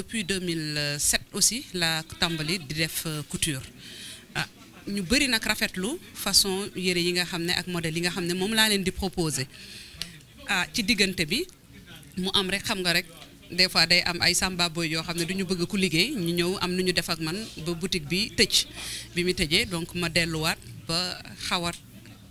depuis 2007 aussi la tambali di def euh, couture ah, ñu bari nak rafetlu façon yére yi nga xamné ak modèle yi nga xamné mom la laa leen di proposer ah ci diggante bi mu am rek xam nga rek des fois day am ay samba boy yo xamné duñu bëgg ku liggéey ñu ñëw am nu ñu def ak man ba boutique bi tëj bi mi tëjee donc ma delluwaat ba xawat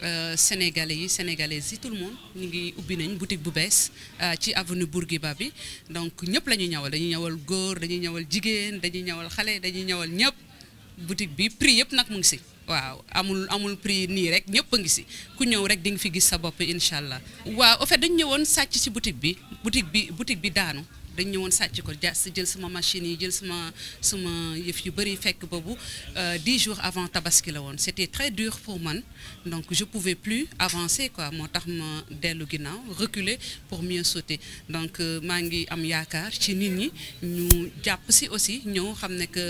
Euh, sénégalais yi sénégalaises yi tout le monde ñu ngi ubbi nañ boutique bu bees euh, ci avenue Bourguiba bi donc ñëpp la ñuy ñawal dañuy ñawal góor dañuy ñawal jigéen dañuy ñawal xale dañuy ñawal ñëpp boutique bi prix yëpp nag mu ngi si waaw amul amul prix nii rek ñëpp a ngi si ku ñëw rek di nga fi gis sa bopp incha allah waaw au fait dañu ñëwoon sàcc si boutique bi boutique bi boutique bi daanu dañ ñëwoon sàcc ko jël sama machine yi jël sama sama yëf yu bëri fekk boobu euh, dix jours avant tabaski la woon c' était très dur pour man donc je pouvais plus avancer quoi moo tax ma dellu ginnaaw reculer pour mieux sauter donc euh, maa ngi am yaakaar ci nit ñi ñu jàpp si aussi ñëw xam ne que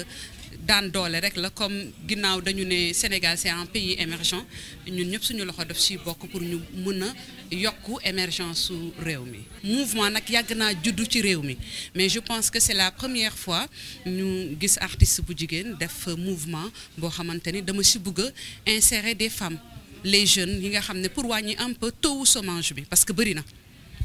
daan doole rek la comme ginnaaw dañu ne Sénégal c'est un pays émergent ñun ñëpp suñu loxo def siy bokk pour ñu mën a yokk émergence su réew mi. mouvement nag yàgg naa juddu ci réew mi mais je pense que c'est la première fois ñu gis artiste bu jigéen def mouvement boo xamante ni dama si bëgg a insérer des femmes les jeunes yi nga xam ne pour wàññi un peu taux chômage bi parce que bëri na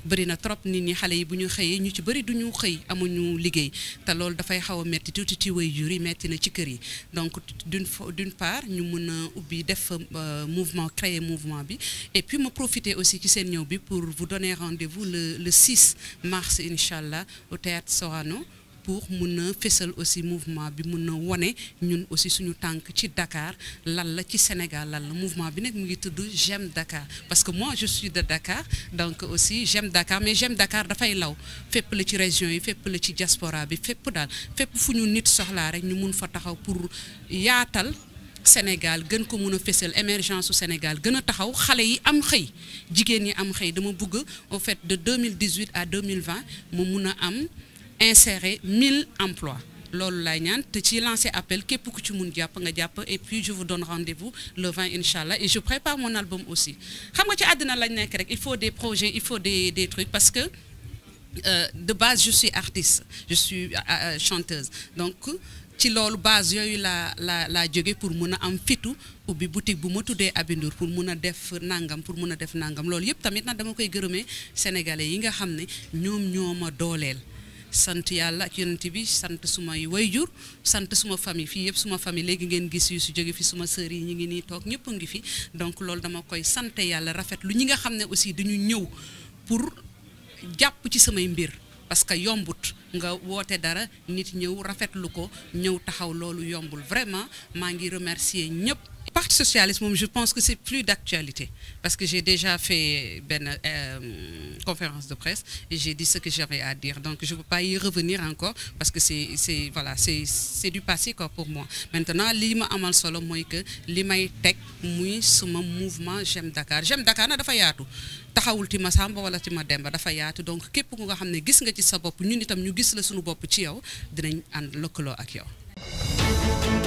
bëri na trop nit ñi xale yi bu ñu xëyee ñu ci bëri du ñu xëy amuñu liggéey te loolu dafay xaw a metti tuuti ci way jur yi na ci kër yi donc d'une d'une part ñu mën a ubbi def euh, mouvement créer mouvement bi et puis ma profiter aussi ci seen ñëw bi pour vous donner rendez-vous le le 6 mars incha allah au théâtre Sorano pour mun fessel aussi mouvement bi mun wane nous aussi suñu tank ci Dakar là la ci Sénégal le mouvement bi nek mu ngi J'aime Dakar parce que moi je suis de Dakar donc aussi J'aime Dakar mais J'aime Dakar dafay law fépp la ci région yi fépp la ci diaspora bi fépp daal fépp fu nous nit soxlaa rek ñu mun fa taxaw pour yaatal Sénégal gën ko mun fessel émergence au Sénégal gën a taxaw xale yi am xëy jigéen ñi am dama au fait de 2018 à 2020 mu mun am insérer 1000 emplois loolu laay tu te ci lancer appel képp pour ci tu jàpp nga et puis je vous donne rendez-vous le 20 Inch'Allah, et je prépare mon album aussi xam nga ci àddina lañ rek il faut des projets il faut des des trucs parce que euh, de base je suis artiste je suis euh, euh chanteuse donc ci loolu base yooyu eu la la jóge pour mun a am fitu ubbi boutique bu ma tuddee Abindour pour mëna def nangam pour mëna def nangam loolu yépp tamit na dama koy gërëmee sénégalais yi nga xamné ñom ñoma dolel sant yàlla ak yonent bi sant sumay wayjur sant suma famille fii yëpp suma famille léegi ngeen gis yu su jóge fi suma sœurs yi ñu ngi nii toog ñëpp a ngi fi donc loolu dama koy sant yàlla rafet lu ñi nga xam ne aussi dañu ñëw pour jàpp ci samay mbir parce que yombut nga woote dara nit ñëw rafet lu ko ñëw taxaw loolu yombul vraiment maa ngi remercier ñëpp Parti socialiste, je pense que c'est plus d'actualité parce que j'ai déjà fait ben, euh, conférence de presse et j'ai dit ce que j'avais à dire. Donc je ne peux pas y revenir encore parce que c'est voilà, c'est du passé quoi pour moi. Maintenant, je amal solo moy que je tek muy suma mouvement j'aime Dakar. J'aime Dakar na dafa yaatu. taxawul ci ma wala ci ma Demba dafa yaatu donc képp ku nga xam ne gis nga ci sa bopp ñun itam ñu gis la suñu bopp ci yow dinañ ànd lëkkaloo ak yow.